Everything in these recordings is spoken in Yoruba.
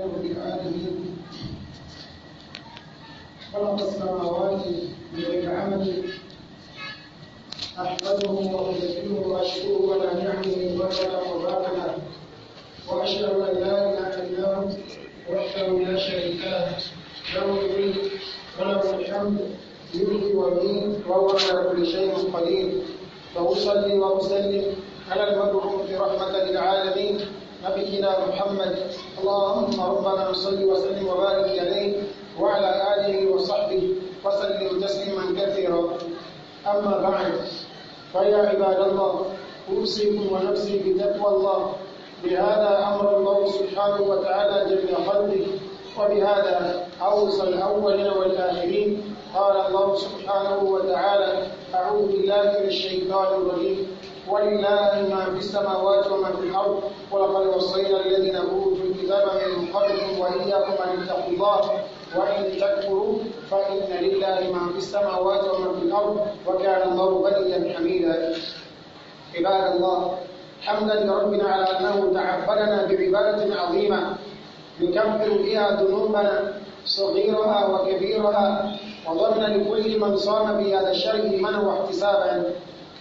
رب العالمين خلق السماوات بغير عمل أحمده وأجزله وأشكره على نعمه ولا مبارك وأشهد أن لا إله إلا هو وحده لا شريك له له الملك وله الحمد يحيي ويميت وهو على كل شيء قدير فأصلي وأسلم على المبعوث رحمة للعالمين نبينا محمد اللهم ربنا صل وسلم وبارك عليه وعلى آله وصحبه وسلم تسليما كثيرا أما بعد فيا عباد الله أوصيكم ونفسي بتقوى الله بهذا أمر الله سبحانه وتعالى جل خلقه وبهذا أوصى الأولين والآخرين قال الله سبحانه وتعالى أعوذ بالله من الشيطان الرجيم ولله ما في السماوات وما في الأرض ولقد وصينا الذين أوتوا الكتاب من قبلكم وإياكم أن اتقوا الله وإن تكفروا فإن لله ما في السماوات وما في الأرض وكان الله غنيا حميدا عباد الله حمدا لربنا على أنه تعبدنا بعبادة عظيمة يكفر بها ذنوبنا صغيرها وكبيرها وظن لكل من صام بهذا الشر إيمانا واحتسابا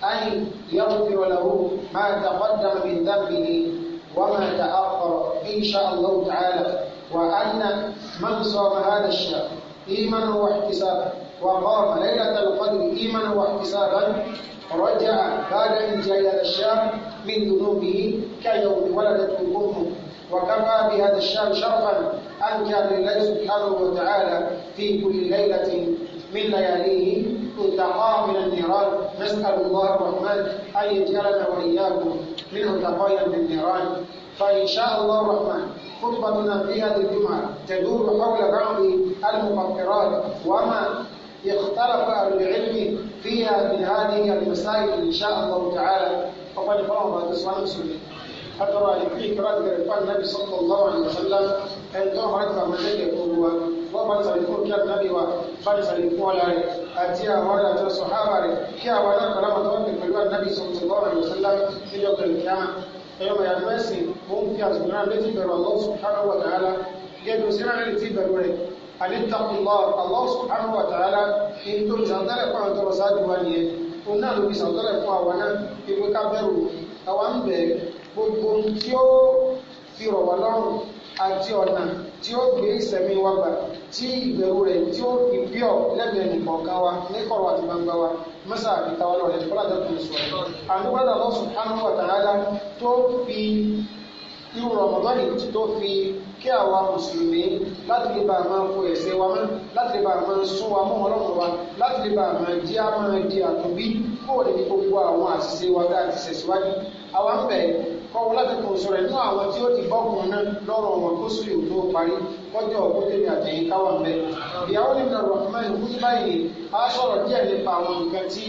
أن يغفر له ما تقدم من ذنبه وما تأخر إن شاء الله تعالى وأن من صام هذا الشهر إيمانا واحتسابا وقام ليلة القدر إيمانا واحتسابا رجع بعد إنجاء هذا الشهر من ذنوبه كيوم ولدته أمه وكفى بهذا الشهر شرفا كان لله سبحانه وتعالى في كل ليلة من لياليه كنت من النيران نسأل الله الرحمن أن يجعلنا وإياكم منه تقايا النيران فإن شاء الله الرحمن خطبتنا في هذه الجمعة تدور حول بعض المفكرات وما اختلف أهل العلم فيها من هذه المسائل إن شاء الله تعالى فقد فرض الإسلام سنة حتى رأي في كرات النبي صلى الله عليه وسلم أن تعرف من قوة wọ́n bá sàrí fún kí àtàlẹ́ wa bá sàrí fún ọ̀la rẹ̀ àti àwọn àti sọ̀hábà rẹ̀ kí àwọn alákọ̀ọ́lámọ̀ tó wọ́n ti pẹ̀lú ànábì sallallahu alaihi wasallam níjọ́ ń fi fún àwọn tọrọ sáájú wa nìyẹn ó náà ló fi ìsàntẹ́lẹ̀ fún àwọn náà ìwé ká bẹ̀rù àwọn ń bẹ̀ gbogbo tí ó fi rọ̀ lọ́rùn àti ọ̀nà tí ó gbé ìsẹ̀mí wa gbà tí ìbẹ̀rù rẹ̀ tí ó fi bí ọ̀ lẹ́gbẹ̀ẹ́ nìkọ̀ọ̀kan wa ní kọ̀rọ̀ àti gbangba wa mẹ́sà àti tawọ́lọ̀ rẹ̀ kọ́lá dẹ́kun sọ. àdúgbàdà lọ sùn hánú wàtàlá tó fi irú rọmọdọ́nì tó fi kí àwa mùsùlùmí láti lè bá a máa fo ẹ̀ṣẹ̀ wa mọ́ láti lè bá a máa sún wa mọ́ ọlọ́run wa láti lè bá a máa jí a máa di àtúnbí kó o lè ní gbogbo àwọn àṣìṣe wa dá àti ṣẹ̀ṣíwájú àwa ń bẹ̀ẹ́ kọ́wọ́ láti kò sọ̀rọ̀ nínú àwọn tí ó ti gbọ́kùn náà lọ́rọ̀ wọn kó sí ìlú tó parí kọjọ́ ọgbọ́dẹ́mi àtẹ̀yìn káwà mẹ́. ìyàwó ní ìlànà rahman ń báyìí a sọ̀rọ̀ díẹ̀ nípa àwọn nǹkan tí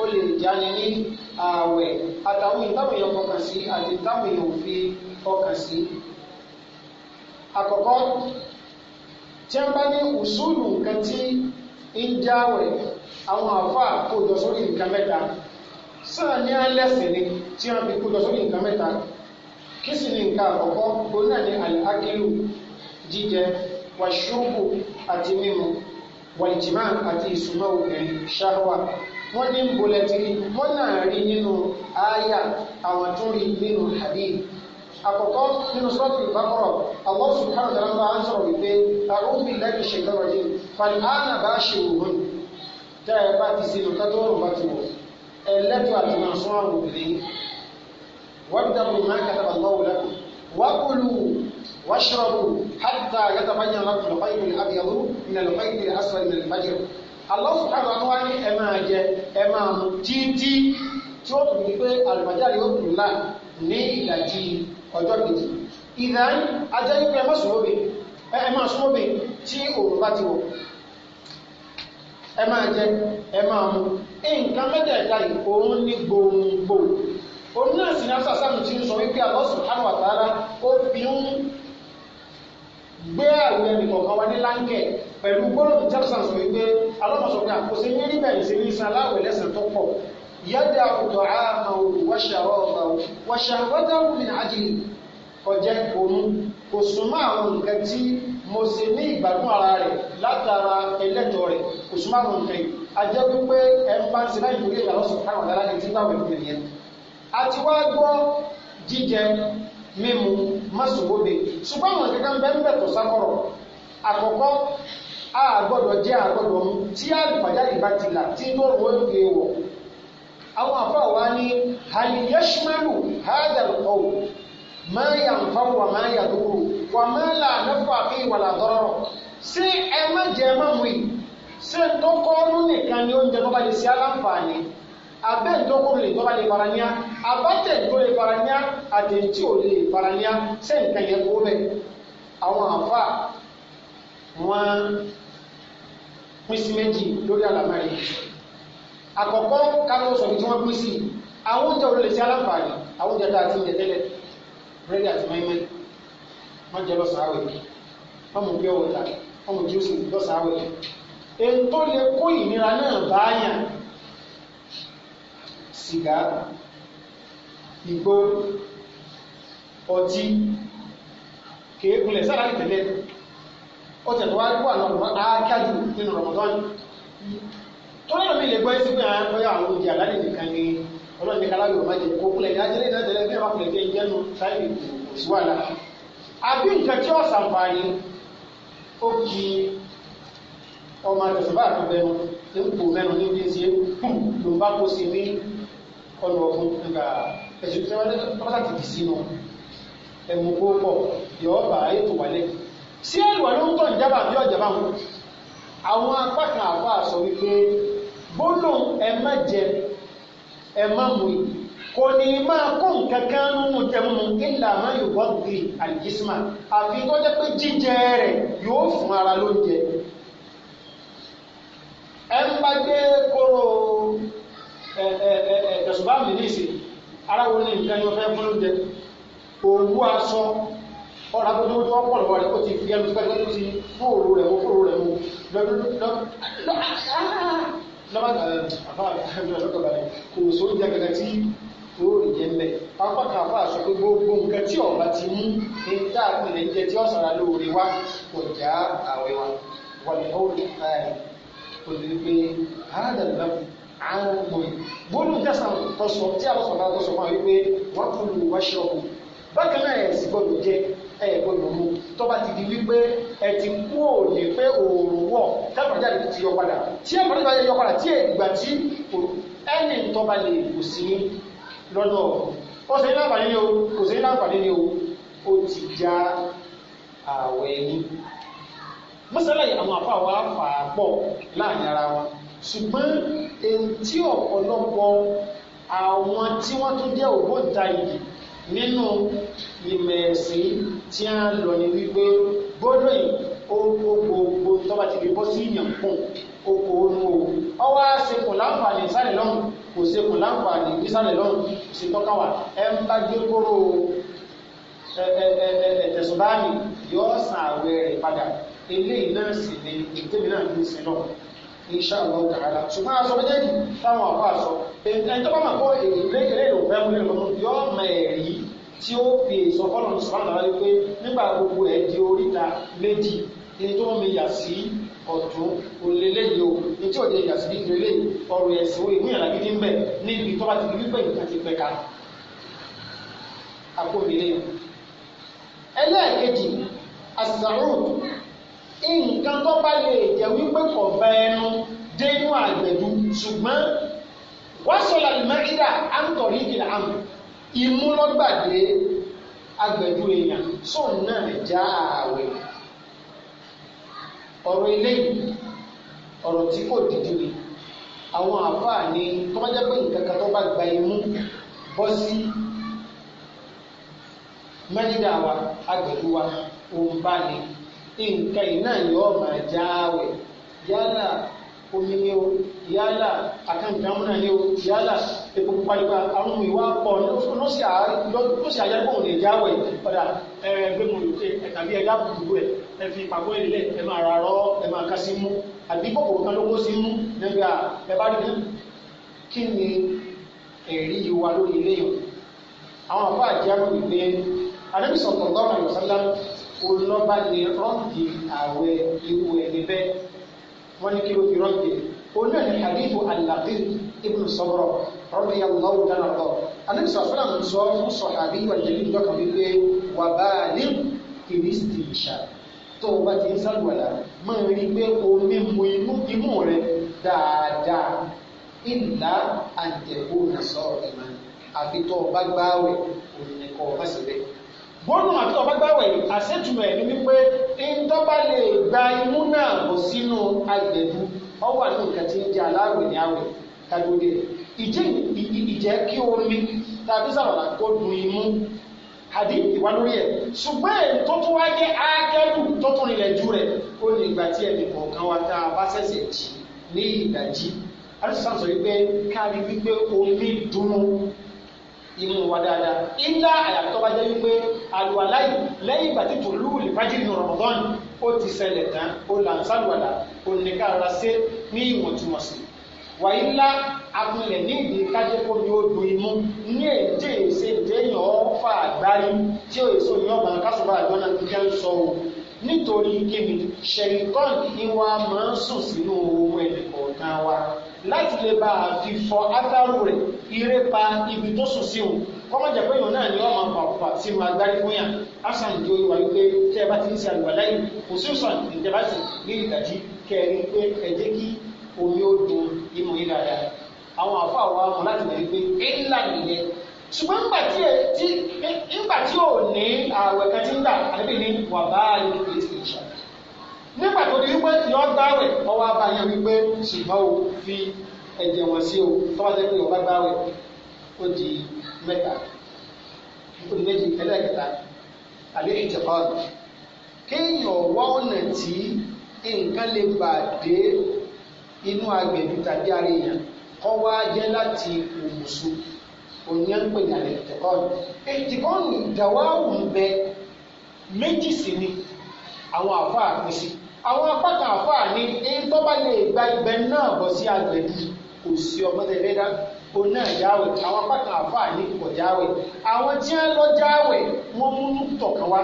ó lè jáni ní ààwẹ̀ àtàwọn ìtàwọn èèyàn kọkàn sí àti ìtàwọn èèyàn fi kọkàn sí. àkọ́kọ́ tí a bá ní ùsùlù nǹkan tí ń jáwẹ̀ àwọn àfáà kò jọ sórí nǹkan mẹ́ta sáà ní alẹ́sìn ni tí wọ́n fi kójọ sórí nǹkan mẹ́ta kí sì ni nǹkan àkọ́kọ́ gbóná ní àkílù jíjẹ wàṣíọ́kù àti mímu wàlìjìmá àti ìsúná obìnrin ṣáwà wọ́n ní bọ́lẹ́tìrì wọ́n náà rí nínú àyà àwọn tó rí nínú hadith àkọ́kọ́ nínú sọ́tù ìbákọ̀rọ̀ àwọn sùkárù tó ń bá ń sọ̀rọ̀ wípé àwọn òbí lẹ́yìn ṣèkọ́rọ̀ yìí fàlì ánà bá ṣe òun tẹ́ ẹ bá ti sinú kátó ọ̀rùn bá ti wọ̀ ẹlẹ́tọ̀ àti máa sọ àwọn obìnrin wabtagu ma kataba Allahu lakum wakulu washrabu hatta yatabayyana lakum al-khaytu al-abyadu min al-khayti al-aswadi min al-fajr Allah subhanahu wa ta'ala ní ẹ máa jẹ ẹ máa mu títí tí ó tún pé àlùmájáde ó tún là ní ìdajì ọjọ́ kejì ìdá ajá yìí pé ẹ má sùn lóbi ẹ máa sùn lóbi tí òun bá ti wọ̀ ẹ máa jẹ ẹ máa mu nǹkan mẹ́tẹ̀ẹ̀ta yìí òun ní gbòǹgbò òun náà sì ní asàsáàmù tí ń sọ wípé ó fi ń gbé àwọn ẹnìkọ̀ọ̀kan wá ní láńkẹ̀ pẹ̀lú gbólóhùn jefferson sọ wípé alọ́mọ̀sọ̀gbìn àkóso ní rí bẹ̀rẹ̀ sí ní san láwẹ̀ lẹ́sẹ̀ tó pọ̀ yẹ́dẹ̀ àkùtọ̀ àmàwò wáṣàrọ̀ ọ̀gbàwò wáṣàwọ́dáwò mi ajẹ́ wípé ẹnfàǹsì náà ìdórí ìlànà sọ̀rọ̀ àwọn aláàdì tí náà wẹ̀lú nìyẹn àti wá gbọ́ jíjẹ mímu mọ́sùwọ́de ṣùgbọ́n àwọn kankan bẹ́ẹ̀ bẹ́ẹ̀ tó sákọ̀rọ̀ àkọ́kọ́ a gbọ́dọ̀ jẹ́ a gbọ́dọ̀ mu tí àgbàjáde bá ti là tí tó rọ̀ ń gbé wọ̀ àwọn àfáà wa ní haliyashmalu hadal qawl ma yanfa wa ma yaduru wa ma nafa fi wala darara sí ẹ má jẹ má mu yìí ṣé tó kọ́ ọ́nú nìkan ni oúnjẹ tó bá lè ṣe aláǹfààní abẹ́ ìdókòrò lè tó bá lè fara níyà abátẹ̀ tó lè fara níyà àtẹ̀tí ò lè fara níyà ṣé nǹkan yẹn kó bẹ̀ àwọn àfa wọn pín sí méjì lórí àlàmáyé àkọ́kọ́ káwọn sọ̀rọ̀ tí wọ́n pín sí àwọn oúnjẹ ò lè ṣe aláǹfààní àwọn oúnjẹ tá a ti tẹ́lẹ̀ búrẹ́dì àti mẹ́mẹ́ wọ́n jẹ lọ́sàn wọ́n mú bí ọ̀wọ̀ wọ́n mú jíọ́sìn èyí tó lè kó ìnira náà báyàn sìgá igbó ọtí kéékùnlẹ̀ sára lè tẹ̀lé ọtí ẹ̀tọ́ wá wà lọ́nà ákájú nínú rọmọdọ́nì tó lọ́nà mi lè gbọ́ sí pé àwọn ah, ọyọ àwọn oúnjẹ àlálẹ̀ nìkan ni ọlọ́run ní kaláwì ọmọ jẹ kó kúlẹ̀ ìdájẹ́ lè dájẹ́ lẹ́gbẹ́ máa kúlẹ̀ jẹ́ ìjẹ́nu sáyẹ̀ kò sí wàhálà àbí nǹkan tí ọ̀sàǹfààní ó kí ọmọ àjọṣọba àti bẹnu epo mẹnu ní bí n ṣe ló bá kó sí ní ọ̀nà ọ̀fun nígbà ẹ̀sùn tí wọ́n bá ti dì sínú ẹ̀mú kó pọ̀ yọ̀ ọ́ bá ètò wálẹ̀ sí ẹ̀lùwà ló ń tọ̀ ìjábà bí ọ̀jàbá wọn àwọn apá kan àfa sọ wípé gbólóhùn ẹ má jẹ ẹ má mu kò ní máa kó nǹkan kan nínú jẹmúmu ilà máa yóò bọ́ àlìjísímà àfi tó jẹ́ pé jíjẹ rẹ̀ yóò fún ara lóúnjẹ ẹ ń bá gbé kóró ẹ̀dọ̀sùnbá mi ní ìsìn ara wo ni nǹkan yóò fẹ́ fún lóúnjẹ òwú aṣọ ọ̀rọ̀ agbẹjọ́wọ́ tó wọ́pọ̀ lọ́wọ́ rẹ̀ ó ti fi ẹnu pẹ́ẹ́pẹ́ tó ti fóòrò rẹ̀ wó fóòrò rẹ̀ wó lọ́wọ́ kò sóúnjẹ kankan tí fóòrò jẹ́ mbẹ́ pápá kan fún aṣọ pé gbogbo nǹkan tí ọba ti mú ní dáàbò ilẹ̀ jẹ tí ọ̀sán lóore wá kò já àwẹ̀ wa wà ní ọ̀rẹ́ olùdíje àádọ́gbà àrùn gbóòlù tẹ̀sán tọ̀sọ̀ tí a lọ́sọ̀rọ̀ tọ̀sọ̀ máa wípé wọ́n kú lu wáṣọ́ọ̀kù bákan náà ẹ̀ sì gbọ́dọ̀ jẹ ẹ̀ gbọ́dọ̀ mu tó bá ti di wípé ẹ ti kú òní pé òòrùn wọ̀ káfíńtàjáde ti yọ padà tí ẹ̀ mọ̀lẹ́ta yọ padà tí ìgbà tí ẹni tó bá lè kù sí lọ́nà ó ṣe ní àǹfààní ni o kò ṣe ní àǹfààní ni o ó ti já àwẹ̀ yín mọ́sálà yìí àwọn àfa wa fà á pọ̀ láàrin ara wọn ṣùgbọ́n èyí tí ọ̀pọ̀lọpọ̀ àwọn tí wọ́n tún jẹ́ ògbóǹtarìgì nínú ìmọ̀ ẹ̀sìn tí a ń lọ ní wípé gbọ́dọ̀ yìí ó gbogbo tó bá ti fi bọ́ sí ìyàn kùn oko onú o ọwọ́ sekùn láǹfààní ìsàlẹ̀ lọ́hùn kò sekùn láǹfààní ìsàlẹ̀ lọ́hùn kò sí tọ́káwà ẹ ń bá gbé kóró ẹ̀tẹ̀sùn báyìí yóò san àwẹ̀ rẹ̀ padà eléyìí náà sì ni ìtẹ́mi náà ní ìsìn náà insha Allah ta'ala ṣùgbọ́n aṣọ méjèèjì táwọn àpá aṣọ ẹni tó bá máa kọ́ èrè ìlú fẹ́ múlẹ̀ lọ́nà yọ ọmọ ẹ̀rí tí ó fi èso fọ́nà sùpánà wáyé pé nígbà gbogbo ẹ̀ di oríta méjì ẹni tó mi yà sí ọ̀tún òlélẹ́yìí o ní tí òde yà sí ìrẹ̀lẹ̀ ọ̀rọ̀ ẹ̀sìn òye múyànlá gidi ń bẹ̀ níbi tó bá ti di wípé pẹ̀ka àpò ìrẹ̀lẹ̀ ẹlẹ́ẹ̀kejì àṣàrò nǹkan tó bá lè jẹ́ wípé kò fẹ́ ẹnu dé inú àgbẹ̀dù ṣùgbọ́n wọ́n sọ̀rọ̀ àlùmọ́kídà àǹtọ̀rí ìdìlà àmì ìmúlọ́gbàdé agbẹ̀dù èèyàn sóun náà já ààwẹ̀ ọ̀rọ̀ eléyìí ọ̀rọ̀ tí kò dìdì ni àwọn àfáà ni tó bá jẹ́ pé nǹkan kan tó bá gba imú bọ́ sí mẹ́lídà wa agbẹ̀dù wa òun bá ni nǹkan yìí náà yóò máa já àwẹ̀ yálà omi ni o yálà àkàǹkàmù náà ni o yálà epo pípàdípa àwọn ìwà pọ̀ lọ́sí àyàgbọ̀n lè já àwẹ̀ padà ẹgbẹ́ mu lòkè tàbí ẹ̀dá gbogbo ẹ̀ ẹ fi ìpàgọ́ ìlẹ̀ ẹ máa ra rọ́ ẹ máa ká sí mú àbí kòkòrò kan ló kó sí mú nígbà ẹ bá rí kí ni ẹ̀rí wa lórí ilé yìí àwọn àfáà jẹ́ àgbègbè anábìsọ̀tọ̀ lọ́rùn àyọ̀sálá olùlọ́ba lè rọ́ǹdì àwẹ̀ irú ẹni bẹ́ẹ̀ wọ́n ní kí ló fi rọ́ǹdì òun náà ní hadith alaqi ibn sọ́bọ̀rọ̀ rọ́bì yàlláhu dáná lọ alẹ́ sọ fúnra mi sọ fún sọ̀hábí wà jẹ́bi lọ́kàn wípé wà bá a ní kìrìsìtì ìṣà tó o bá ti ń sálùwàlà máa rí pé omi mu imú imú rẹ dáadáa ìlà àjẹkù nàṣọ ìmọ̀ àfi tó o bá gbáwẹ̀ òun nìkan ọba síbẹ̀ bọ́ọ̀nù àti ọ̀bágbáwẹ̀ àṣetùmẹ̀ ni wípé ntọ́ba lè gba imú náà bọ̀ sínú agbẹ̀dú ọwọ́ àti nǹkan tí ń jẹ aláwẹ̀ ní àwẹ̀ kájọdé ìjẹ́ kí omi tàbí sàrànà kó du imú àdí ìwà lórí ẹ̀ ṣùgbọ́n tó tún wá jẹ́ ákẹ́lù tó tún rìnlẹ̀ jù rẹ̀ ó ní ìgbà tí ẹ̀mí kọ̀ọ̀kan wa tá a bá ṣẹ̀ṣẹ̀ jì ní ìdajì alẹ́sàn wípé káàrí wípé omi dunu imú wa dáadáa ilá àyàtọ̀ bá jẹ́ wípé àlùwàlá yìí lẹ́yìn ìgbà tí tòlú lè fájìrì ní Ramadan ó ti ṣẹlẹ̀ tán ó là ń sálùwàlà ó ní ká ara ṣe ní ìwọ̀ntúnwọ̀nsì wàyí ńlá akunlẹ̀ ní ìdí kájẹ́ kó ní ó do imú ní èdè èsè déèyàn ọ̀fà àgbárí tí ó èso yàn máa kásùbà àjọ́nà tó jẹ́ ń sọ o nítorí kíni ṣẹ̀ríkọ́n ìwà máa ń sùn sínú ohun ẹ̀dẹ̀ wa láti lè bá a fi fọ átàrù rẹ̀ kọ́mọ̀ jẹ́ pé èèyàn náà ni wọ́n máa pa òkúpa sínú agbárí fún yàn asan di orí wa wípé tẹ́ ẹ bá ti ń ṣe àlùwà láyé kò sí òsàn ìjọba sì ní ìdájí kẹrin pé ẹ jẹ́ kí omi ó dun imú yín dáadáa àwọn àfọ àwọn amọ láti mọ̀ wípé ńlá nìyẹn ṣùgbọ́n ńgbà tí ẹ ti ńgbà tí ò ní ààwẹ̀ kan ti ń dà àbí ní wà báyìí kì í ti nígbà tó di wípé yọ mẹ́ta nítorí méjì ẹlẹ́ẹ̀kẹta àlẹ́ ìtẹ̀kọ́ọ̀dù kéèyàn wá ọ̀nà tí nǹkan lè bà dé inú agbẹ̀bí tàbí ara èèyàn kọ́ wá jẹ́ láti òmùsù òyìn ń pè ní àlẹ́ ìtẹ̀kọ́ọ̀dù ìtẹ̀kọ́ọ̀dù ìdáwáwù ń méjì sí ni àwọn àfáà pín sí àwọn apáta àfáà ní ní tó bá lè gba ibẹ̀ náà bọ̀ sí agbẹ̀bí kò sí ọmọdé bẹ́ẹ̀ dáa òun náà yáwẹ̀ àwọn apá kan àfáà ní pọ̀ yáwẹ̀ àwọn tí wọ́n lọ jáwẹ̀ wọ́n mú lùtọ̀ kan wá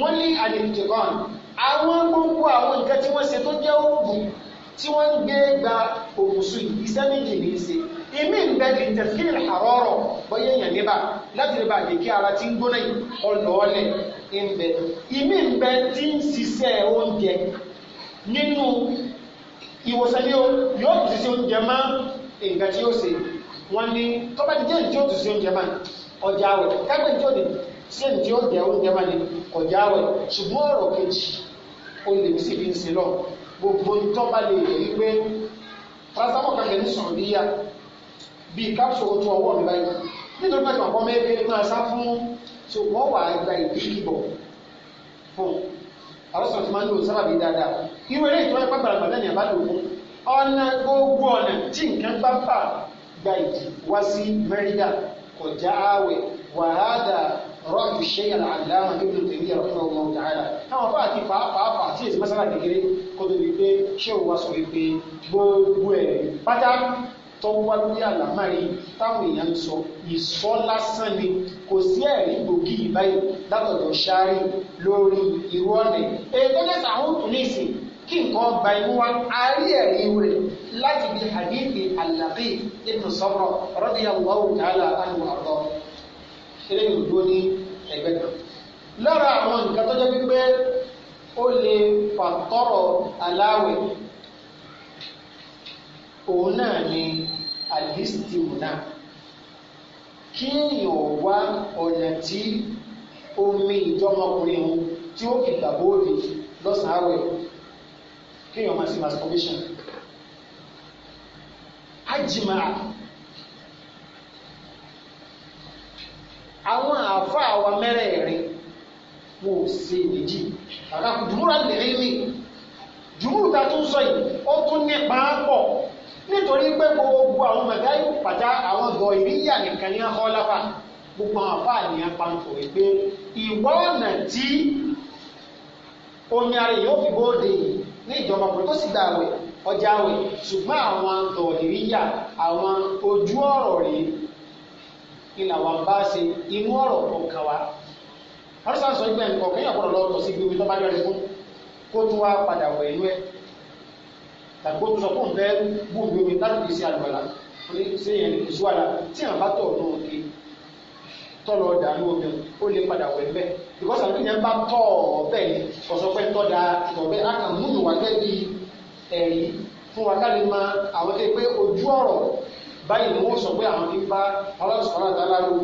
wọ́n ní àlejò kan àwọn gbogbo àwọn nǹkan tí wọ́n ṣe tó jẹ́ oògùn tí wọ́n ń gbé gba òkùnsù iṣẹ́ méjì ní í ṣe ìmí ń bẹ ní tẹ̀síkìrì àrọ́rọ̀ èèyàn níbà láti lè bá lè kí ara tí ń gbóná yìí ọlọ́ọ̀lẹ̀ ń bẹ ìmí ń bẹ tí ń ṣiṣẹ́ oúnjẹ nínú ìwòsàn yóò yóò ṣiṣẹ́ oúnjẹ mọ́ nǹkan tí ó ṣe wọ́n ní tọ́ba ti jẹ́ ìjọ́ tó sí oúnjẹ máa ọjà àwẹ̀ kágbé ìjọ́ ni sí ìjọ́ ọjà oúnjẹ máa ní ọjà àwẹ̀ ṣùgbọ́n ọ̀rọ̀ kejì ó lè sí fi ń se lọ gbogbo tọ́ba lè rí pé paracetamol kankan ní sọ̀rọ̀ níyà bíi capsule tó ọwọ́ mi báyìí nítorí pé ìgbàgbọ́ mẹ́rin máa sá fún ṣùgbọ́n wà á gba ìdíkìbọ̀ fún àrọ́sọ̀rọ̀ tí máa ń lò sábàbí dáadáa irú eré ìtọ́jú pàgbàlagbà lẹ́yìn àbálòpọ̀ ọ̀nà gbogbo ọ̀nà tí nǹkan bá bà guide wá sí Mẹ́rídà kọjá ààwẹ̀ wàhádà rọ́ọ̀dù ṣẹ́yà àdáhùn ibùdó tèmi yàrá fún ọmọ ọmọ tààrà táwọn afọ àti pàápàá tí èsì mọ́sálà kékeré kó tó di pé ṣé òun wá sọ wípé gbogbo ẹ̀ pátá tó wá lórí àlámàrí táwọn èèyàn ń sọ ìsọ lásán ni kò sí ẹ̀rí gbòógì báyìí látọ̀dọ̀ ṣáárì lórí irú ọ̀nà èyí tó dẹ́sà àwọn òtún ní ìsìn kí nǹkan gba imú wa àárí ẹ̀rí rẹ̀ láti bí hadithi alabi ibn Sabra radiyallahu ta'ala anhu àrọ́ eré ìlú ní ẹgbẹ́ kan lára àwọn nǹkan tó jẹ́ wípé ó lè fàtọ́rọ̀ aláwẹ̀ òun náà ni alistimu náà kí èèyàn wá ọ̀nà tí omi ìjọmọkùnrin tí ó fi gbàgbóòdì lọ́sàn-án àwẹ̀ kéèyàn máa ṣe masturbation ajima àwọn àfa àwa mẹ́rẹ̀ẹ̀rin wò ṣe méjì kàkà jùmúra lèrè mi jùmúrù ta tún sọ yìí ó tún ní pàápọ̀ nítorí pé gbogbo àwọn mẹ̀gáyì pàtà àwọn ọ̀dọ̀ ìríyà nìkan ní ọkọ̀ lápá gbogbo àwọn àfa àníyàn pàǹtò pé ìwọ́ ọ̀nà tí omi ara yóò fi bóde yìí ní ìjọba ọkùnrin tó sì gba àwẹ̀ ọjà àwẹ̀ ṣùgbọ́n àwọn tọ̀ọ̀dìríyà àwọn ojú ọ̀rọ̀ rèé ilà wà bá ṣe inú ọ̀rọ̀ ọ̀kan wa ọ̀rọ̀sán sọ ìgbẹ́ nǹkan kẹ́yìn ọ̀pọ̀lọ̀ lọ́tọ̀ sí ibi omi tó bá yọrí fún kó tún wá padà wọ̀ ẹ̀lú ẹ̀ tàbí ó tún sọ fún bẹ́ẹ̀ bú omi omi láti fi ṣe àlùbàlà ó ní ṣe yẹn ní ìṣúwàlà tí àwọn bá tọ̀ ọ̀nà because àwọn ènìyàn bá tọ̀ ọ̀bẹ ọ̀sọ̀pẹ́ tọ́da ọ̀bẹ akànnú ìwà gẹ́gẹ́ bí ẹ̀rí fún wa ká lè ma àwọn tó yẹ pé ojú ọ̀rọ̀ báyìí ni wọ́n sọ pé àwọn ti bá ọlọ́sùn ọ̀rọ̀ àtàlá lò.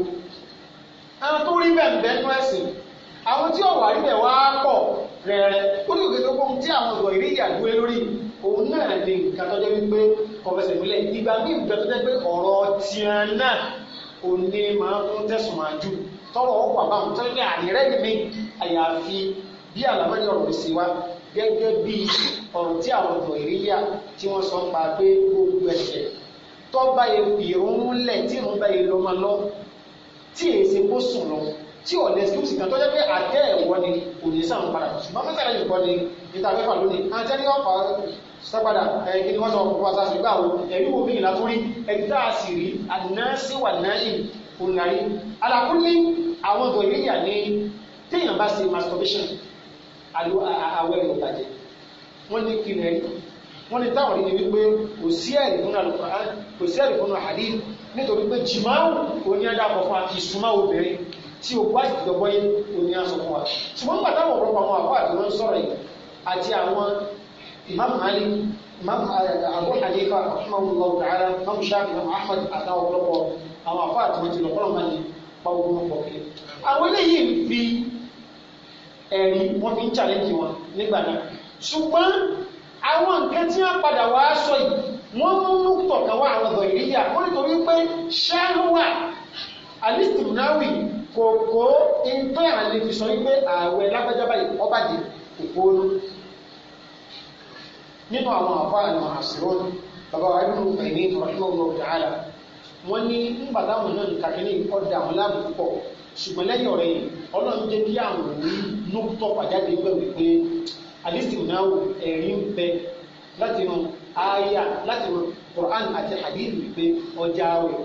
àwọn tó rí bẹ́ẹ̀ bẹ́ẹ̀ tó ẹ̀sìn àwọn tí ọ̀wà rí bẹ́ẹ̀ wá pọ̀ rẹ̀rẹ̀ ó ní òkè tó kún tí àwọn ọ̀dọ̀ ìrí ìyàgbé lórí òun náà ni nǹkan tọ́jọ́ wípé kọ̀fẹsẹ̀ mílẹ̀ ìgbà míì bẹ́ẹ̀ tó jẹ́ pé ọ̀rọ̀ tiẹ̀ náà òun ni màá tún tẹ̀sùn àjù tọrọ ọwọ́ àbá ń tọ́jú àrírẹ́ mi àyàfi bí àlàmọ́ni ọ̀rọ̀ sí wa gẹ́gẹ́ bí ọ̀rọ̀ tí àwọn ọ̀dọ̀ ìrìyà tí wọ́n sọ pa pé gbogbo ẹ̀ṣẹ̀ tọ́ba ìrún lẹ̀ tí ìrún bá yẹn lọ́mọ lọ tí èsì kó sùn lọ tí ọ̀lẹ́ skills kan tọ́jọ́ pé àtẹ́ ẹ̀wọ́ ni kò ní sàn padà ṣùgbọ́n mẹ́ta lẹ́yìn kọ́ ni níta mẹ́fà lónìí àti ẹni ọ̀pá sọ́padà ẹ̀kí ni wọ́n sọ ọ̀pọ̀ àti àṣìgbà wo ẹ̀rí wo bíyìn látúrí ẹ̀dí tá a sì rí alákùnrin àwọn gòríyà ní téèyàn bá ṣe masturbation àlọ àwẹ̀ rẹ̀ bàjẹ́ wọ́n ní kí nẹ́rí wọ́n ní táwọn ìdí wípé kò sí ẹ̀rí fún Al-Qur'an kò sí ẹ̀rí fún hadith nítorí pé jìmáwù òní ẹ̀dá àkọ́kọ́ àti ìsúnmọ́ obìnrin tí o bá ìdọ̀gbọ́ yé òní aṣọ fún wa ṣùgbọ́n nígbà táwọn ọ̀pọ̀lọpọ̀ àwọn àbọ̀ àti wọn sọ̀rọ̀ yìí àti àwọn Imam Ali Imam eh, Abu Hanifa rahimahullah ta'ala Imam Shafi Imam Ahmad àtàwọn ọ̀pọ̀lọpọ̀ àwọn àbọ̀ àti wọn ti lọ́pọ̀lọpọ̀ pàwọ́n pọ̀kẹ́ àwọn eléyìí ń fi ẹ̀rí wọ́n fi ń challenge wọn nígbà náà ṣùgbọ́n àwọn nǹkan tí wọ́n padà wá sọ yìí wọ́n mú tọ̀kan wá àwọn ọ̀dọ̀ ìrìyà ó nítorí pé ṣáhùwà alistimunawi kò kó ìpẹ́ àlè fi sọ wípé ààwẹ̀ lágbájá báyìí ọba di òpónú nínú àwọn àfáà àlùmọ̀ àṣírọ́nù bàbá wa ibùdó ẹ̀mí ìtọ́jú ọ̀gbọ̀n ọ̀dà wọ́n ní nígbà táwọn náà ní kàkínní ọ̀dà àwọn láàbù púpọ̀ ṣùgbọ́n lẹ́yìn ọ̀rẹ́ yìí ọlọ́run jẹ́ kí àwọn òní nókútọ́ pàjáde bẹ́ẹ̀ wípé àdìsí náà ẹ̀rí ń bẹ láti ran aya láti ran Quran àti hadith wípé ọjà rẹ̀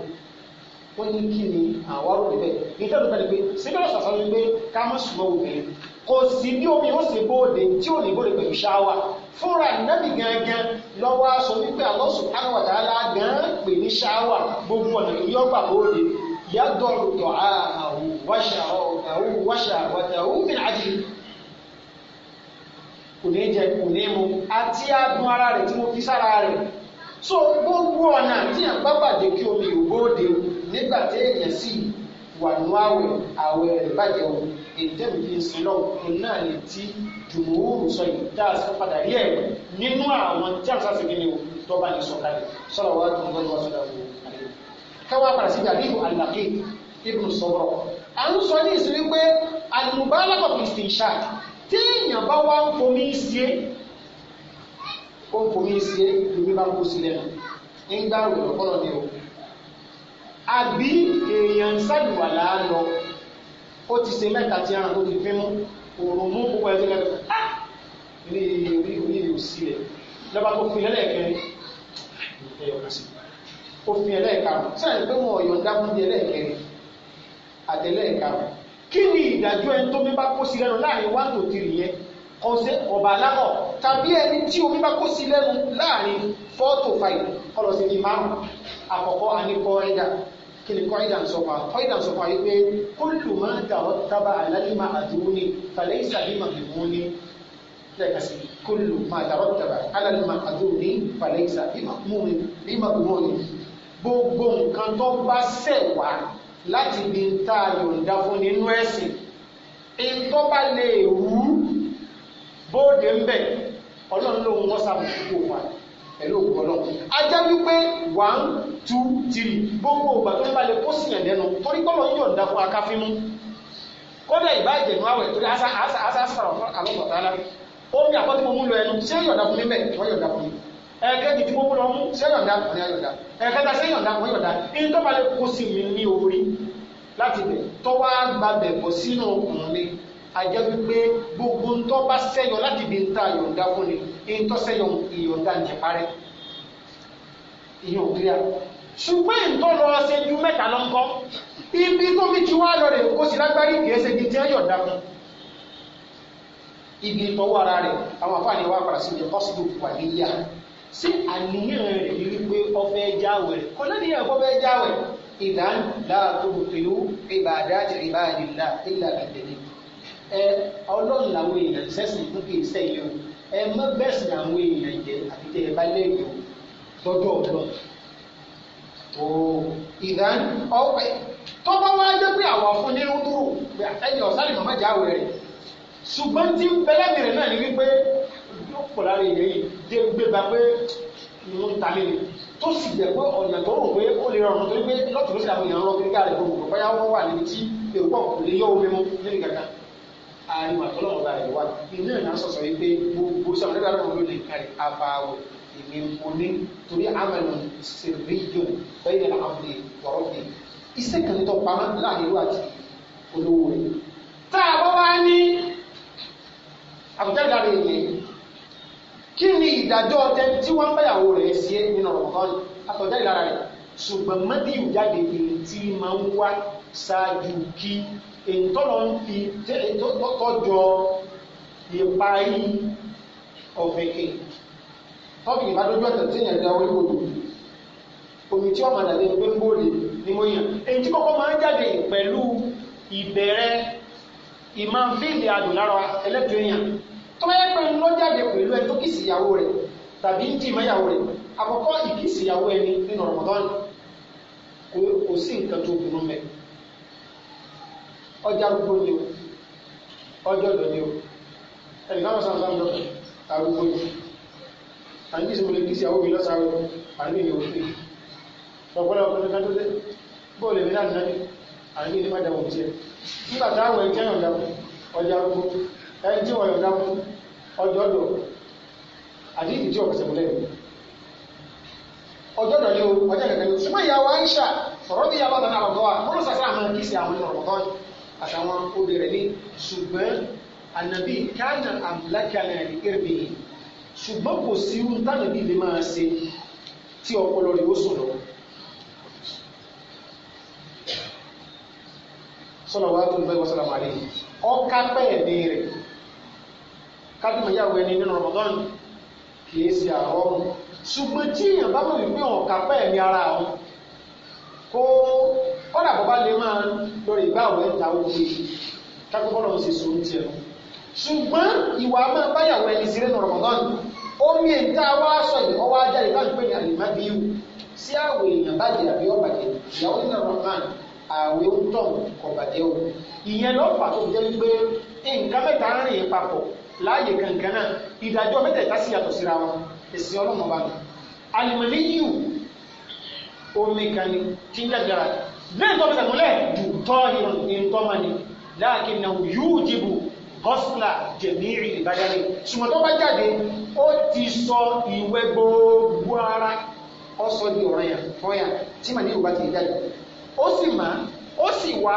wọ́n ní kí ni àwárò níbẹ̀ nítorí pẹ̀lú pé síbẹ̀ lọ́sọ̀ọ́sọ́ ni pé ká má sùnmọ́ obìnrin kò sí bí omi ó sì bóde tí ò ní bóde pẹ̀lú ṣáwa fúnra nábì gangan lọ́wọ́ aṣọ wípé Allah subhanahu wa ta'ala gan pè ní ṣáwà gbogbo ọ̀nà tó yọ gbà bóde yàtọ̀ lùtọ̀ àhàwù wáṣà ọ̀tàwù wáṣà wàtàwù min àjì kò jẹ kò mu àti adùn ara rẹ̀ tí mo fi sára rẹ̀ so gbogbo ọ̀nà tí yàn bá bàjẹ́ kí omi ògbóde nígbà tí èèyàn sì wà nù àwẹ̀ àwẹ̀ rẹ̀ bàjẹ́ o èdè mi fi ń sin lọ́wọ́ jùmùúrù sọ yìí tá a sọ padà rí ẹ̀rù nínú àwọn tí a sọ sí nínú tọ́ba ní sọ̀kalẹ̀ sọ̀rọ̀ wa tó ń gbọ́dọ̀ wọ́n sọ̀rọ̀ wò àlẹ́ káwá padà síbi àdéhù àlàkè ibùn sọ̀rọ̀ à ń sọ ní ìsinmi pé àlùbálábà kò sì ṣá téèyàn bá wá ń fomi ṣe ó ń fomi ṣe lómi bá ń kó sílẹ̀ náà ń gbá ròyìn ọ̀pọ̀lọ̀ ni o àbí èèyàn ń sàlùwàlá lọ ó ti ṣe mẹ́ta tí ara tó ti fi mú òòrùn mú gbogbo ẹjẹ lẹ́nu ah ilé orí orí rẹ̀ ò sí rẹ̀ lọ́ba tó fi ẹlẹ́ẹ̀kẹrin ẹ̀yọ̀ kàṣí ó fi ẹlẹ́ẹ̀karùn sẹ́yìn pé wọn ọ̀yọ̀ dákúndé ẹlẹ́ẹ̀kẹrin àtẹlẹ́ẹ̀karùn kí ni ìdájọ́ ẹni tó mi bá kó sí lẹ́nu láàrin one to three yẹn kan ṣe ọ̀bà aláwọ̀ tàbí ẹni tí omi bá kó sí lẹ́nu láàrin four to five ọlọ́sìn ní márùn-ún àkọ́kọ́ àníkọ́ ẹ̀dá kí ni kọ́ídà ń sọpa kọ́ídà ń sọpa wípé kúlù máa ń dàwọ́ tábà àlálìmọ̀ àdúrónì fàlẹ́ ìsàlímọ̀ bìmúni lẹ́kàsí kúlù máa dàwọ́ tábà àlálìmọ̀ àdúrónì fàlẹ́ ìsàlímọ̀ bìmúni gbogbo nǹkan tó bá ṣẹ̀ wá láti bí n tá a yọ̀ǹda fún nínú ẹ̀sìn ìtọ́ bá lè wú bóde ń ọlọ́run ló ń wọ́n sàmùkú wa pẹ̀lú òkú ọlọ́run ajá wípé wà tu tiri gbogbo ògbà tó bá lè kó sí yàn lẹ́nu torí kọ́lọ̀ yíyọ̀ ń da fún akáfínú kódà ìbá ìjẹ̀nu àwẹ̀ torí asa asa asa sọ̀rọ̀ fún alọ́kọ̀tàlá omi àkọ́tí mo mú lọ ẹnu ṣé yọ̀ǹda fún mi bẹ́ẹ̀ wọ́n yọ̀ǹda fún mi ẹ̀ẹ́kẹ́jì tí mo mú lọ mú ṣé yọ̀ǹda fún mi yọ̀ǹda ẹ̀ẹ́kẹ́ta ṣé yọ̀ǹda fún yọ̀ǹda ní tó bá lè kó sí mi ní orí láti bẹ̀ tó wá gbàbẹ̀ bọ̀ sínú ọkùnrin mi àjẹ́ wípé gbogbo ń tọ́ bá ṣẹ́yọ láti bí ń ta yọ̀ǹda fún ni ń tọ́ ṣẹ́yọ ìyọ̀ǹda ń jẹ parẹ́ ìyẹn ò a ṣùgbọ́n ìtọ́ lọ ṣe ju mẹ́ta lọ kọ́ ibi tó mi ti wá lọ rẹ̀ kó sì lágbárí kìí ṣe ibi tí wọ́n yọ̀ọ̀dá fún ibi ìtọ́wọ́ ara rẹ̀ àwọn àfáàní wa padà sí ibi kọ́sìdò wà níyà sí àníyàn rẹ̀ ní wípé ọfẹ́ jáwẹ̀ rẹ̀ kọ́ lẹ́ni ẹ̀kọ́ fẹ́ jáwẹ̀ ìdán láàtúbù pẹ̀lú ìbàdá àti ìbàdìlá ìlà àgbẹ̀dẹ̀ ẹ ọlọ́run làwọn èèyàn sẹ́sìn fún kì sẹ́yìn ẹ mọ́ bẹ́sìn àwọn èèyàn jẹ àti tẹ́ ẹ bá lẹ́yìn lọ́jọ́ ọ̀gbọ́n ìdán ọ̀pẹ tọ́ba wá jẹ́ pé àwa fún nínú dúró ẹ̀yìn ọ̀sálì màmá jà wẹ̀ rẹ̀ ṣùgbọ́n tí bẹ́lẹ́mì rẹ̀ náà ní wípé yóò pọ̀ lára ilé yìí dé gbé ba pé ló ń talé ni tó sì jẹ́ pé ọ̀nà tó rò pé ó lè rọrùn torí pé lọ́tún ló sì àwọn èèyàn rọ kiri káàrẹ̀ gbogbo bóyá wọ́n wà níbi tí èrò pọ̀ lè yọ omi mu nínú kankan àárín àtọ́lọ́wọ́ rẹ̀ wá ìdí èmi mo ní torí àmàlù sèrèjò bẹ́ẹ̀ àbúlé tọ̀rọ̀ bẹ́ẹ̀ iṣẹ́ kan tó pamọ́ láàrin ìlú àti olówó rẹ̀ tá a bá wá ní àbújáde láàrin ìyẹn kí ni ìdájọ́ ọtẹ tí wọ́n báyàwó rẹ̀ ṣe nínú ọ̀rọ̀ kan àtọ̀jáde lára rẹ̀ ṣùgbọ́n mẹ́díù jáde èyí tí máa ń wá ṣáájú kí èyí tọ́lọ ń fi tọ́jọ ìparí ọ̀fẹ́kẹ̀ẹ́ tọ́kì ìbá dojú ẹ̀tẹ̀ tí èèyàn da orí wòlò omi tí ọmọ àdàdé gbé ń bòlè ni mo yàn èyí tí kọ́kọ́ máa ń jáde pẹ̀lú ìbẹ̀rẹ̀ ìmọ̀ fíìlì adùn lára ẹlẹ́tọ̀ èèyàn tó bá yẹ pé ń lọ jáde pẹ̀lú ẹ tó kìsì ìyàwó rẹ̀ tàbí ń tìmọ̀ ìyàwó rẹ̀ àkọ́kọ́ ìkìsì ìyàwó ẹni nínú Ramadan kò sí nǹkan tó burú mẹ́ ọjà arúgbó ni o ọjọ́ lọ ni o ẹnìkan lọ arúgbó ni àní ìṣòro lè kíṣì àwọn obìnrin lọ́sàárọ̀ àní ìyẹ̀wò pé ọ̀pọ̀lọpọ̀ ọkùnrin kan tó dé bóòlù èmi náà nàbí àní ìní máa dàwọn tiẹ̀ nígbà táwọn ẹ̀jẹ̀ yọ̀ǹda ọjà arúgbó ẹni tí wọ́n yọ̀ǹda fún ọjọ́ ọdọ̀ àti ìdí ọ̀pẹ̀sẹ̀ mọ́lẹ̀ ọjọ́ ọdọ̀ ni o ọjà kẹ̀kẹ́ ni o ṣùgbọ́n ìyá wa ń ṣà ọ̀rọ̀ bí yàrá ọ̀dọ̀ náà ọ̀gọ́ wa mọ́lù sàṣà àmọ́ kíṣì àwọn ọ̀rọ̀ àtàwọn obìnrin ní ṣùgbọ́n ànàbí kánà àmúlákàlẹ̀ ìrìbìyìn ṣùgbọ́n kò sí irú tánàbí lè máa ṣe tí ọpọlọ rẹ̀ ó sùn lọ. sọ́nà wa tó ń bẹ́ wọ́sọ̀rọ̀ màálé ọ̀ká pẹ́ẹ̀dé rẹ̀ kádùmọ̀ yàwó ẹni nínú Ramadan kìí ṣe àrọ́rùn ṣùgbọ́n tí èèyàn bá mọ̀ wípé ọ̀ká pẹ́ẹ̀dé ara àwọn kó kọ́dà bọ́bá lè máa lórí ìgbà àwọn ẹ̀ta ogun kákó bọ́lọ̀ ń ṣe sùn tiẹ̀ ṣùgbọ́n ìwà máa báyàwó ẹni sílẹ̀ nù Ramadan omi ìta wá sọ yìí ọwọ́ ajá yìí láti pé ní àlè má bí wù sí àwọ̀ èèyàn bàjẹ́ àbí ọ̀bàjẹ́ ìyàwó nínú rahman àwẹ̀ ń tọ̀ kọ̀bàjẹ́ o ìyẹn lọ́pàá tó jẹ́ wípé nǹkan mẹ́ta ń rìn papọ̀ láàyè kankan náà ìdájọ́ mẹ́tẹ̀ẹ̀ta sì yàtọ̀ síra wọn èsì ọlọ́mọ bá mi alimọ̀lẹ́ yìí omi kan ní tí ń dàgbàrà lẹ́yìn tó fi sàmúlẹ̀ jù tọ́ ìrìn gọ́sùlà jẹ̀míìrì ìbájáde ṣùgbọ́n tó bá jáde ó ti sọ ìwẹ̀ gbogbo ara ó sọ di ọ̀ràn yà fún yà tí màá ní ìwà ti jáde ó sì má ó sì wá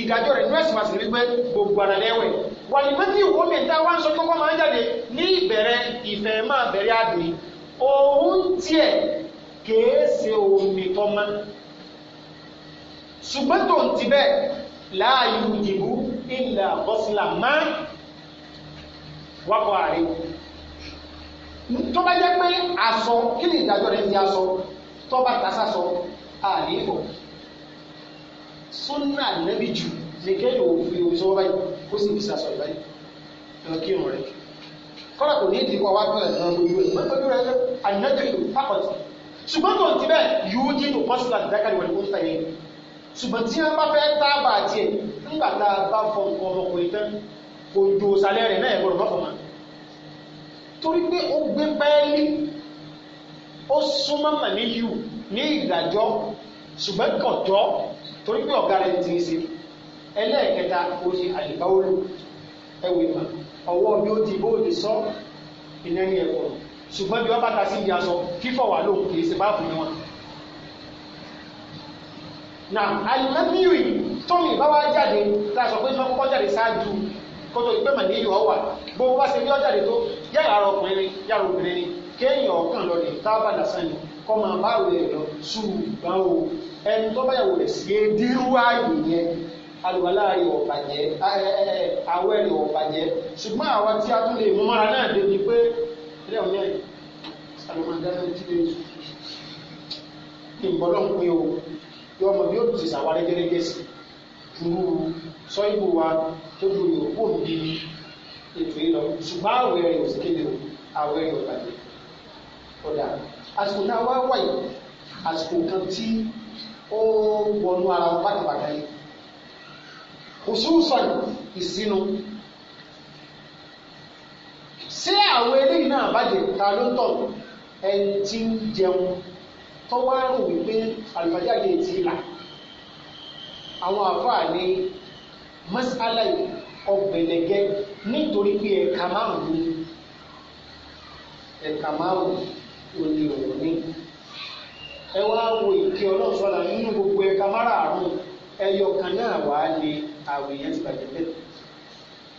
ìdájọ́ rẹ̀ nọ́ọ̀sì máa sì rí pé gbogbo ara lẹ́wẹ̀ wàlìmọ́tì ìwọ́mi ìta wá ń sọ pé wọ́n máa ń jáde ní ìbẹ̀rẹ̀ ìfẹ́ máa bẹ̀rẹ̀ àdùn òun tiẹ̀ kèé ṣe omi tọ́mọ́ ṣùgbọ́n tó ń ti bẹ́ẹ̀ láàyè ìdìbò ìlà bọ́sílà má wákọ̀ ààrẹ tó bá jẹ́ pé aṣọ kí ni ìdájọ́ rẹ̀ ń di aṣọ tó bá tasásọ ààrẹ ìbọ̀ súnà nẹ́bí jù lè kéèyàn òfin òfin sọ́wọ́ báyìí kó sì fi sàṣọ ìbáyìí lọ kí òun rẹ̀ kọ́lá kò ní ìdí kọ́ wá pẹ̀lẹ́ ẹ̀rọ ojú ẹ̀ mọ́tò rẹ̀ ànẹ́jọ́ ìlú pápọ̀tì ṣùgbọ́n tó ti bẹ́ẹ̀ yóò dín òpọ́sílà ìdákàlẹ̀ wọ̀lú ó ń tẹ̀yẹ ṣùgbọ́n tí wọ́n bá fẹ́ tábà tiẹ̀ nígbà tá a bá fọ nǹkan ọmọkùnrin tán ojú òsàlẹ̀ rẹ̀ náà ẹ̀gbọ́n ọ̀fọ̀ torí pé ó gbé pẹ́ẹ́lí ó súnmọ́ màníyù ní ìdájọ́ ṣùgbọ́n kọ̀tọ́ torí pé ọ̀gá rẹ̀ ti ṣe ẹlẹ́ẹ̀kẹta ó ṣe àlìbáwọ́lù ẹwì mà ọwọ́ bí ó ti bó lè sọ ìnáyí ẹ̀kọ́ ṣùgbọ́n bí wọ́n bá ta sí ìyá sọ fífọ̀ wà lóhùn kì í ṣe báàbù ni wọn. na alimamiyu yìí tómi ìbáwá jáde la sọ pé sọ́kọ́ jáde ṣáájú kótó ìgbé màdé yìí ọ̀wà gbogbo bá ṣe bí ọ̀jáde tó yàrá ọkùnrin yàrá obìnrin ni kéèyàn ọ̀kan lọ lè tá a bá lásán ni kọ́ máa bá rẹ̀ lọ ṣùgbọ́n o ẹni tó bá yàwó rẹ̀ sí é dírú ààyè yẹn alùpàlà ayò ọ̀bàjẹ́ àwọ̀ ẹ̀rọ ọ̀bàjẹ́ ṣùgbọ́n àwa tí a tún lè mú mọ́ra náà débi pé ilé ọ̀yẹ́ salomandáná ti lè ìgbọ́lọ́ ń irú sọ́yìnbó wa tó lórí òkú òbí ètò ìlọ ṣùgbọ́n àwẹ̀ rẹ̀ ò sì kéde o àwẹ̀ rẹ̀ ò bàjẹ́ ọ̀dà àsìkò náà wá wà yìí àsìkò kan tí ó wọnú ara wọn bàtàbàtà yìí kò sóòsàn ìsinu ṣé àwọn eléyìí náà bàjẹ́ ta ló ń tọ̀ ẹni tí ń jẹun tọ́wọ́ àrùn wípé àlùfáàjà yìí ti là àwọn àfáà ní masala ọ̀gbẹ̀lẹ̀gẹ nítorí pé ẹ̀ka márùn-ún ní ẹ̀ka márùn-ún òní ọ̀rọ̀ ní. ẹ wá wo ìké ọlọ́run sọ́la nínú gbogbo ẹ̀ka márààrún ẹyọ kan náà wà á lè àwẹ̀ yẹn ti bàjẹ́ bẹ́ẹ̀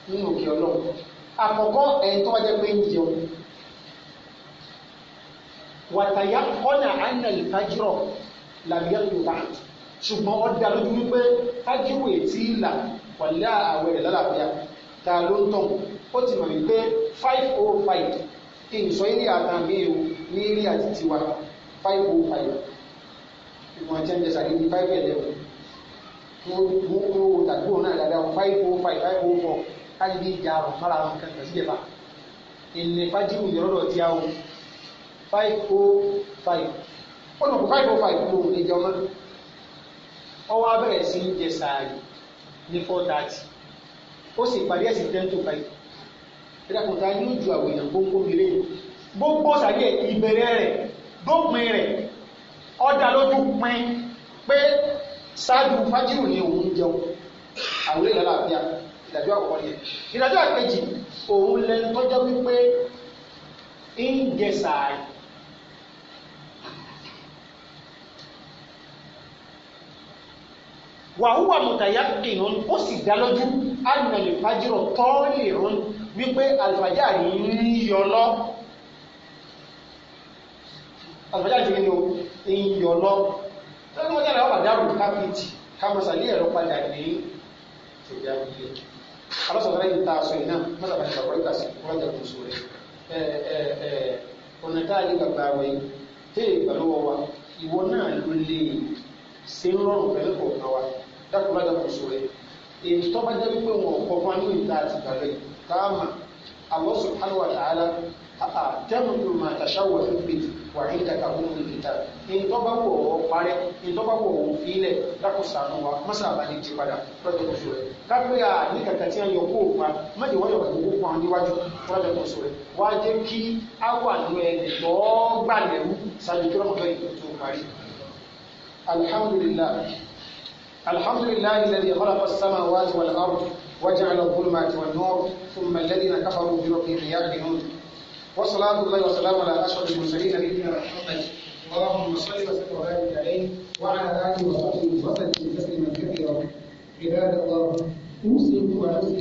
nínú òkè ọlọ́run. àkọ́kọ́ ẹ̀yìn tó wá pé ń jẹun wàtàyà kọ́nà ànà ìfàjọ́ làbíyàn tó bá àtúntò ṣùgbọ́n ó dá lójú wípé ájíwò ètí ìlà pẹ̀lú àwẹ̀ rẹ̀ lálàáfíà ta ló ń tàn ó ti mọ̀ wípé five oh five ìsọ eré àtàmì o ní eré àti tiwa five oh five ìmọ̀ àti ẹ̀jẹ̀ sàrí ní five eleven mo mo tàbí òun náà dáadáa five oh five five oh four káyọ̀ bí ìjà àrùn fara àwọn kankan sí ìjẹba ìnìfàjíwò ìrọ̀lọ́ ti àwọn five oh five ó nà kó five oh five ló ń lè jẹun náà ọwọ́ abẹ́rẹ́ sí ń jẹ sàárì ní four thirty ó sì parí ẹ̀sìn ten to five ìdàkùnta ní ojú àwọn èèyàn gbogbo mìíràn gbogbo sàárì ìbẹ̀rẹ̀ rẹ̀ dópin rẹ̀ ọ̀dà lójú pin pé ṣáájú fájírù ni òun jẹun àwọn èèyàn lálàáfíà ìdájọ́ àkọ́kọ́ yẹn ìdájọ́ àkejì òun lẹ́nu tọ́jọ́ wípé ń jẹ sàárì wàhùwà mùtàyàkì ló ń ó sì dá lójú àná ìfàjìrò tọ́ọ̀lì ló ń wípé àlùfájà rí ń yọ lọ àlùfájà rí ń yọ lọ tọ́lú wọn dára wà dárò kápẹ́tì kámọ́sálí ẹ̀rọ padà ní ìjọba ilé alọ́sọ̀rọ̀ yìí ta aṣọ iná mọ́sàbà ní bàbá ìkàsí wọ́n jẹ́ kó sórí ọ̀nà tá a lè gbàgbà wẹ̀ tẹ́ ìgbàlówọ́ wa ìwọ náà ló lè ṣe ń rọrùn pẹ̀lú kọ̀ọ̀kan wa dákun bá dákun sọ rẹ̀ èyí tó bá jẹ́ wípé wọn kọ́ fún anú ìta àti ìgbàgbẹ́ táàmà Allah subhanahu wa ta'ala àà tẹ́mu ní ma tàṣàwọ̀ fún bìtì wà ní ìdàkà fún mi kìtà èyí tó bá wọ̀ ọ́ parẹ́ èyí tó bá wọ̀ ọ́ fílẹ̀ dákun sànú wa mọ́sà bá ní ti padà dákun sọ rẹ̀ kápẹ́ à ní kàkà tí a yọ kó o pa mọ́jẹ̀ wọ́n yọ kó o pa níwájú dákun sọ rẹ̀ wá jẹ́ kí á wà ní ẹ̀ lọ́ọ́ gbà lẹ́rú sàlùkí ọmọkẹ́ ìtọ́jú parí alhamdulillah الحمد لله الذي خلق السماوات والأرض وجعل الظلمات والنور ثم الذين كفروا بربهم يعدلون وصلاة الله وسلامه على أشرف المرسلين نبينا محمد اللهم صل وسلم وبارك عليه وعلى آله وصحبه وسلم تسليما كثيرا عباد الله أوصيكم ونفسي